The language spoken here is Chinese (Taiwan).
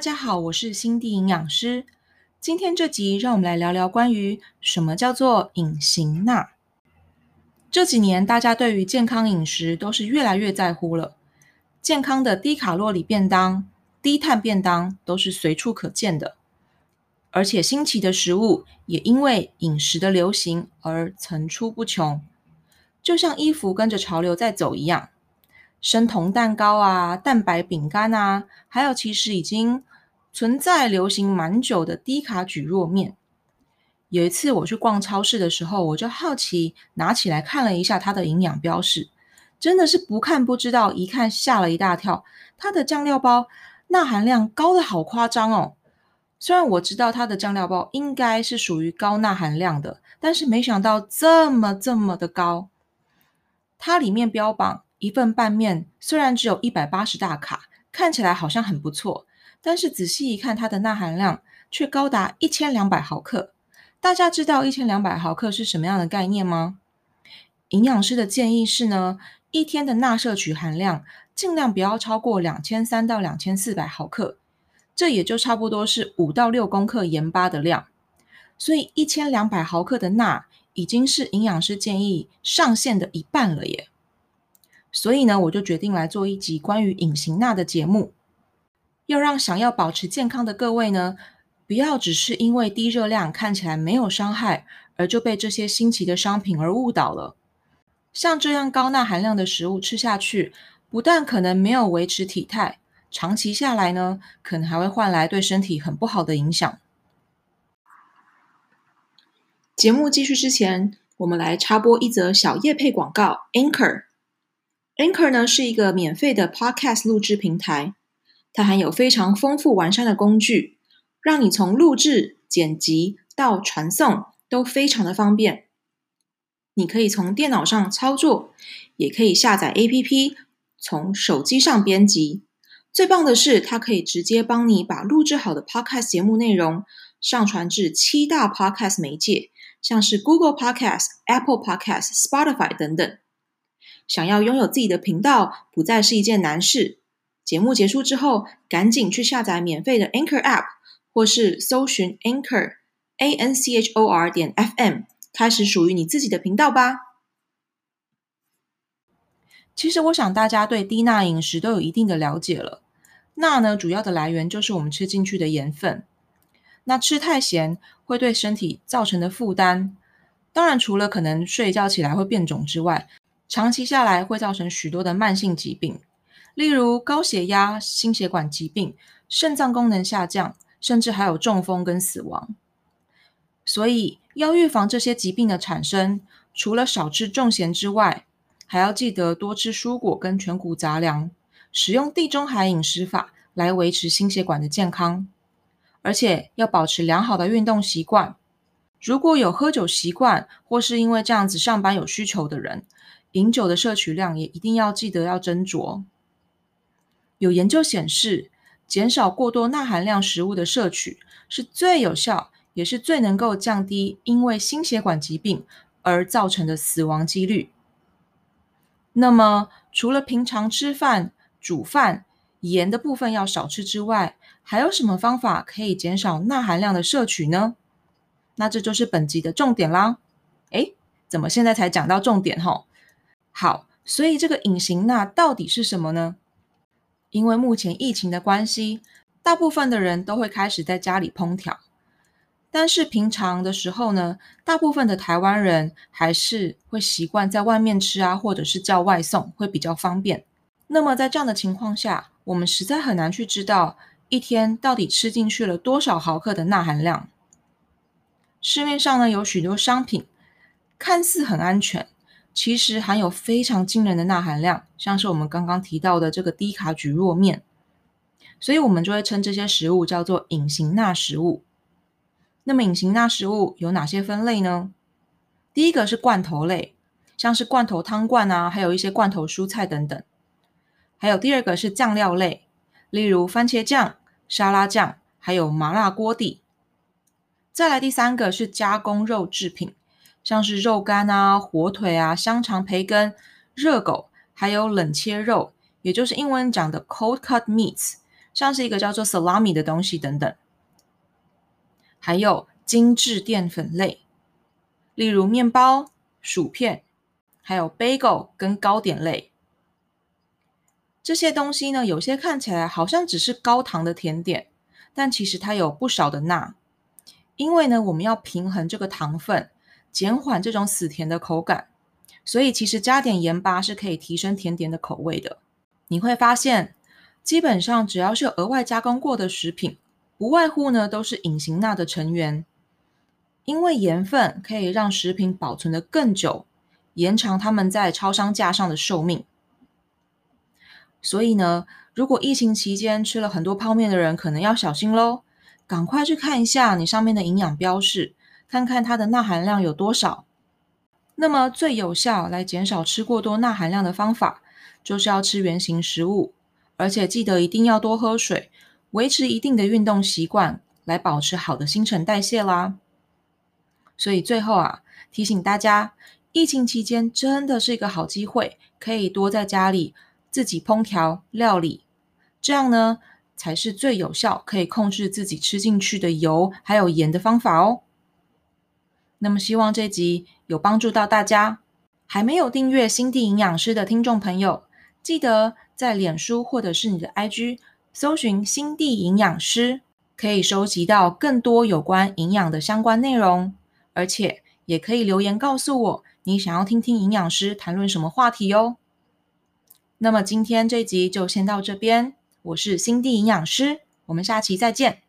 大家好，我是新地營養師。今天這集，讓我們來聊聊關於什麼叫做隱形鈉。這幾年，大家對於健康飲食都是越來越在乎了。健康的低卡路里便當、低碳便當都是隨處可見的，而且新奇的食物也因為飲食的流行而層出不窮，就像衣服跟着潮流在走一樣。生酮蛋糕啊，蛋白餅乾啊，還有其實已經存在流行蠻久的低卡蒟蒻麵。有一次我去逛超市的時候，我就好奇拿起來看了一下它的營養標示，真的是不看不知道，一看嚇了一大跳。它的醬料包鈉含量高得好誇張哦！雖然我知道它的醬料包應該是屬於高鈉含量的，但是沒想到這麼這麼的高。它裡面標榜。一份拌麵雖然只有一百八十大卡，看起來好像很不錯，但是仔細一看，它的鈉含量卻高達一千兩百毫克。大家知道一千兩百毫克是什麼樣的概念嗎？營養師的建議是呢，一天的鈉攝取含量儘量不要超過兩千三到兩千四百毫克，這也就差不多是五到六公克鹽巴的量。所以一千兩百毫克的鈉已經是營養師建議上限的一半了耶。所以呢，我就決定來做一集關於隱形鈉的節目，要讓想要保持健康的各位呢，不要只是因為低熱量看起來沒有傷害，而就被這些新奇的商品而誤導了。像這樣高鈉含量的食物吃下去，不但可能沒有維持體態，長期下來呢，可能還會換來對身體很不好的影響。節目繼續之前，我們來插播一則小業配廣告。Anchor。Anchor 呢是一個免費的 Podcast 錄製平台，它含有非常豐富完善的工具，讓你從錄製、剪輯到傳送都非常的方便。你可以從電腦上操作，也可以下載 APP 從手機上編輯。最棒的是，它可以直接幫你把錄製好的 Podcast 節目內容上傳至七大 Podcast 媒介，像是 Google Podcast、Apple Podcast、Spotify 等等。想要擁有自己的頻道，不再是一件難事。節目結束之後，趕緊去下載免費的 Anchor App，或是搜尋 Anchor A N C H O R 點 F M，開始屬於你自己的頻道吧。其實我想大家對低鈉飲食都有一定的了解了。鈉呢，主要的來源就是我們吃進去的鹽分。那吃太鹹會對身體造成的負擔，當然除了可能睡覺起來會變腫之外。長期下來會造成許多的慢性疾病，例如高血壓、心血管疾病、腎臟功能下降，甚至還有中風跟死亡。所以要預防這些疾病的產生，除了少吃重鹹之外，還要記得多吃蔬果跟全穀雜糧，使用地中海飲食法來維持心血管的健康，而且要保持良好的運動習慣。如果有喝酒習慣，或是因為這樣子上班有需求的人，飲酒的攝取量也一定要記得要斟酌。有研究顯示，減少過多鈉含量食物的攝取是最有效，也是最能夠降低因為心血管疾病而造成的死亡幾率。那麼，除了平常吃飯煮飯，鹽的部分要少吃之外，還有什麼方法可以減少鈉含量的攝取呢？那這就是本集的重點啦！哎，怎麼現在才講到重點吼？好，所以這個隱形鈉到底是什麼呢？因為目前疫情的關係，大部分的人都會開始在家裡烹調，但是平常的時候呢，大部分的台灣人還是會習慣在外面吃啊，或者是叫外送，會比較方便。那麼在這樣的情況下，我們實在很難去知道一天到底吃進去了多少毫克的鈉含量。市面上呢，有許多商品看似很安全，其實含有非常驚人的鈉含量，像是我們剛剛提到的這個低卡蒟蒻麵，所以我們就會稱這些食物叫做“隱形鈉食物”。那麼，隱形鈉食物有哪些分類呢？第一個是罐頭類，像是罐頭湯罐啊，還有一些罐頭蔬菜等等；還有第二個是醬料類，例如番茄醬、沙拉醬，還有麻辣鍋底。再來第三個是加工肉製品，像是肉乾啊、火腿啊、香腸、培根、熱狗，還有冷切肉，也就是英文講的 cold cut meats，像是一個叫做 salami 的東西等等，還有精緻澱粉類，例如麵包、薯片，還有 bagel 跟糕點類。這些東西呢，有些看起來好像只是高糖的甜點，但其實它有不少的鈉。因為呢，我們要平衡這個糖分，減緩這種死甜的口感，所以其實加點鹽巴是可以提升甜點的口味的。你會發現，基本上只要是額外加工過的食品，不外乎呢都是隱形鈉的成員。因為鹽分可以讓食品保存得更久，延長他們在超商架上的壽命。所以呢，如果疫情期間吃了很多泡麵的人，可能要小心嘍。趕快去看一下你上面的營養標示，看看它的鈉含量有多少。那麼最有效來減少吃過多鈉含量的方法，就是要吃原型食物，而且記得一定要多喝水，維持一定的運動習慣，來保持好的新陳代謝啦。所以最後啊，提醒大家，疫情期間真的是一個好機會，可以多在家裡自己烹調料理，這樣呢。才是最有效可以控制自己吃進去的油還有鹽的方法哦。那麼希望這集有幫助到大家。還沒有訂閱新地營養師的聽眾朋友，記得在臉書或者是你的 IG 搜尋新地營養師，可以收集到更多有關營養的相關內容。而且也可以留言告訴我你想要聽聽營養師談論什麼話題喲、哦。那麼今天這集就先到這邊。我是 Cindy 營養師，我們下期再見。